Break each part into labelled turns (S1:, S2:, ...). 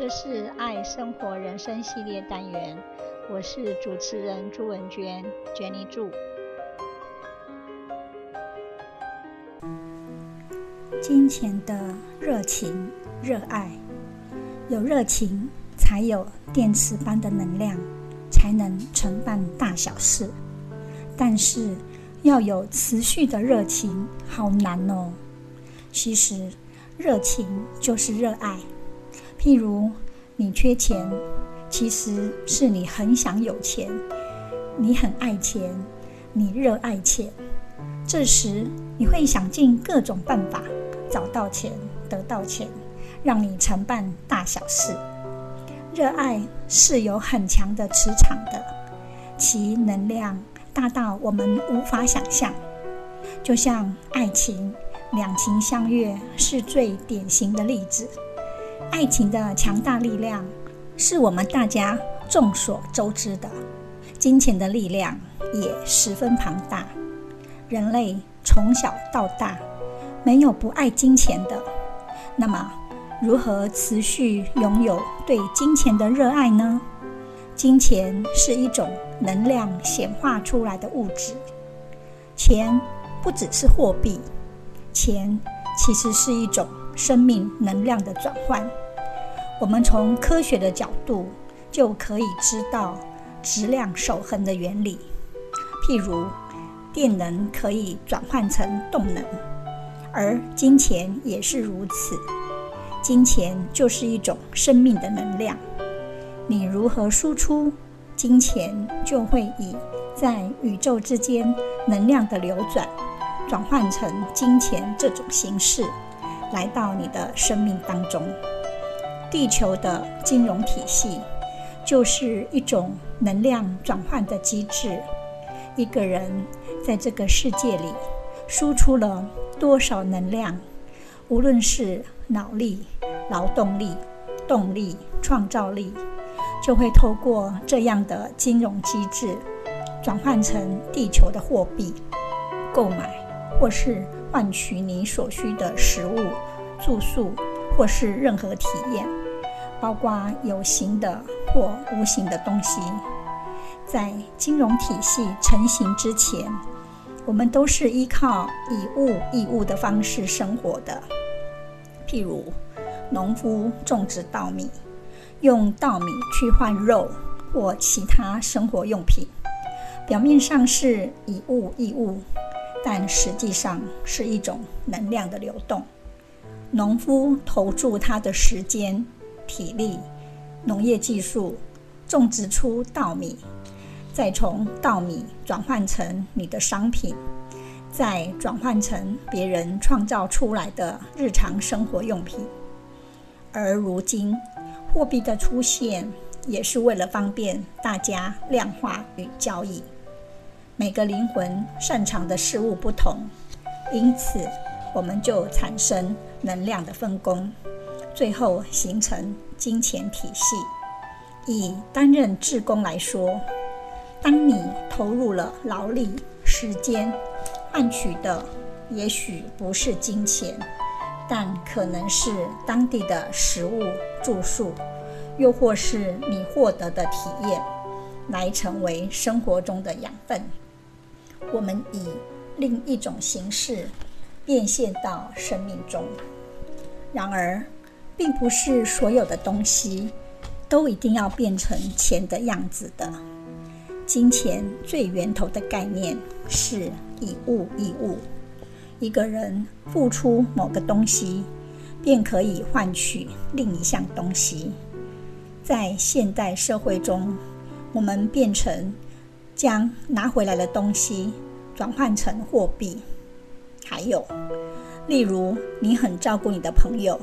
S1: 這是愛生活人生系列單元，我是主持人朱文娟。娟妮助，金錢的熱情、熱愛，有熱情才有電磁般的能量，才能成辦大小事。但是要有持續的熱情，好難哦。其實，熱情就是熱愛。譬如，你缺錢，其實是你很想有錢，你很愛錢，你熱愛錢。這時，你會想盡各種辦法找到錢、得到錢，讓你成辦大小事。熱愛是有很強的磁場的，其能量大到我們無法想象。就像愛情，兩情相悅是最典型的例子。愛情的強大力量，是我們大家眾所周知的，金錢的力量也十分龐大。人類從小到大，沒有不愛金錢的。那麼，如何持續擁有對金錢的熱愛呢？金錢是一種能量顯化出來的物質，錢不只是貨幣，錢其實是一種生命能量的轉換。我們從科學的角度，就可以知道質量守恆的原理。譬如，電能可以轉換成動能，而金錢也是如此。金錢就是一種生命的能量。你如何輸出，金錢就會以在宇宙之間能量的流轉，轉換成金錢這種形式，來到你的生命當中。地球的金融體系，就是一種能量轉換的機制。一個人在這個世界裡，輸出了多少能量，無論是腦力、勞動力、動力、創造力，就會透過這樣的金融機制，轉換成地球的貨幣，購買或是換取你所需的食物、住宿或是任何體驗。包括有形的或無形的東西，在金融體系成型之前，我們都是依靠以物易物的方式生活的。譬如，農夫種植稻米，用稻米去換肉或其他生活用品。表面上是以物易物，但實際上是一種能量的流動。農夫投注他的時間，體力、農業技術種植出稻米，再從稻米轉換成你的商品，再轉換成別人創造出來的日常生活用品。而如今，貨幣的出現也是為了方便大家量化與交易。每個靈魂擅長的事物不同，因此我們就產生能量的分工。最後形成金錢體系。以擔任志工來說，當你投入了勞力、時間，換取的也許不是金錢，但可能是當地的食物、住宿，又或是你獲得的體驗，來成為生活中的養分。我們以另一種形式變現到生命中。然而，並不是所有的東西都一定要變成錢的樣子的。金錢最源頭的概念是以物易物，一個人付出某個東西，便可以換取另一項東西。在現代社會中，我們變成將拿回來的東西轉換成貨幣。還有，例如你很照顧你的朋友。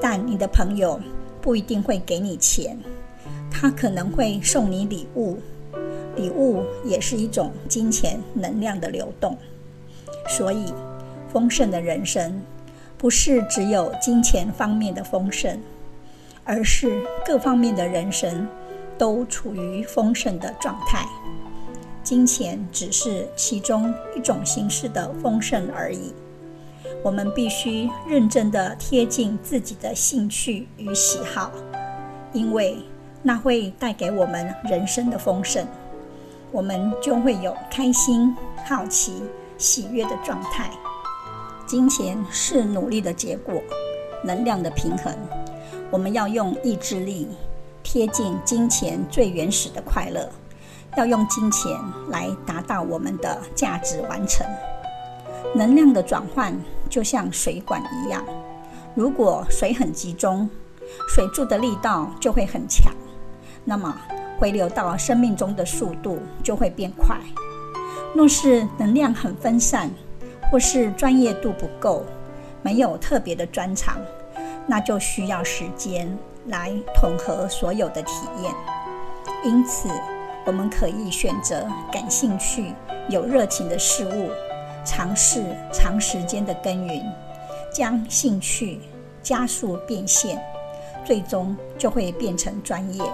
S1: 但你的朋友不一定會給你錢，他可能會送你禮物，禮物也是一種金錢能量的流動。所以，豐盛的人生不是只有金錢方面的豐盛，而是各方面的人生都處於豐盛的狀態，金錢只是其中一種形式的豐盛而已。我們必須認真地貼近自己的興趣與喜好，因為那會帶給我們人生的豐盛，我們就會有開心、好奇、喜悅的狀態。金錢是努力的結果，能量的平衡。我們要用意志力，貼近金錢最原始的快樂，要用金錢來達到我們的價值完成。能量的轉換。就像水管一樣，如果水很集中，水柱的力道就會很強，那麼迴流到生命中的速度就會變快。若是能量很分散，或是專業度不夠，沒有特別的專長，那就需要時間來統合所有的體驗。因此，我們可以選擇感興趣、有熱情的事物。嘗試長時間的耕耘，將興趣加速變現，最終就會變成專業，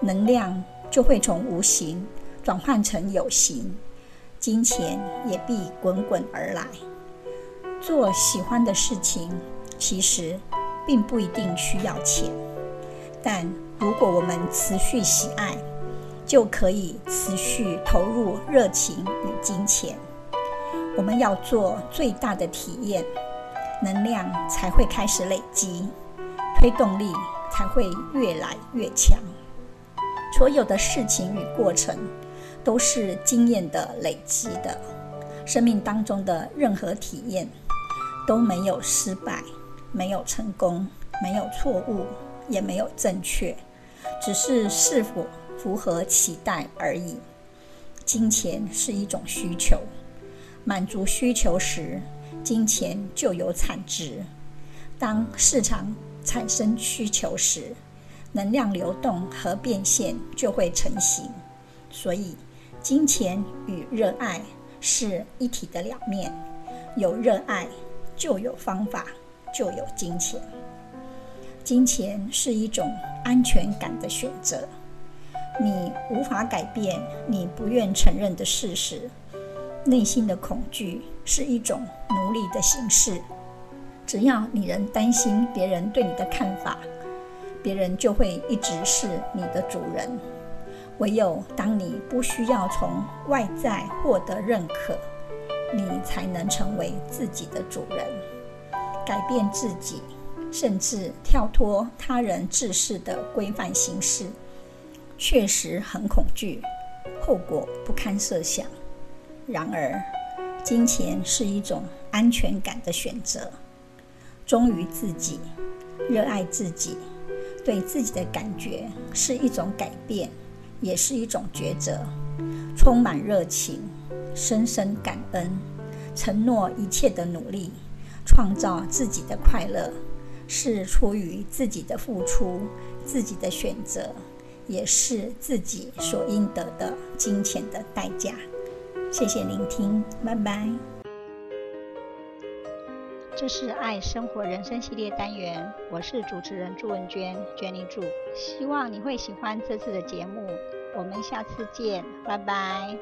S1: 能量就會從無形轉換成有形，金錢也必滾滾而來。做喜歡的事情，其實並不一定需要錢，但如果我們持續喜愛，就可以持續投入熱情與金錢。我們要做最大的體驗，能量才會開始累積，推動力才會越來越強。所有的事情與過程都是經驗的累積的。生命當中的任何體驗都沒有失敗，沒有成功，沒有錯誤，也沒有正確，只是是否符合期待而已。金錢是一種需求。滿足需求時，金錢就有產值；當市場產生需求時，能量流動和變現就會成型。所以，金錢與熱愛是一體的兩面。有熱愛，就有方法，就有金錢。金錢是一種安全感的選擇。你無法改變你不願承認的事實。內心的恐懼是一種奴隸的形式。只要你仍擔心別人對你的看法，別人就會一直是你的主人。唯有當你不需要從外在獲得認可，你才能成為自己的主人，改變自己，甚至跳脫他人制式的規範行事，確實很恐懼，後果不堪設想。然而，金錢是一種安全感的選擇。忠於自己，熱愛自己，對自己的感覺是一種改變，也是一個抉擇。充滿熱情，深深感恩，承諾一切的努力，創造自己的快樂，是出於自己的付出，自己的選擇，也是自己所應得的金錢的代價。謝謝聆聽，拜拜。這是《愛生活人生》系列單元，我是主持人朱文娟，Jenny 朱，希望你會喜歡這次的節目，我們下次見，拜拜。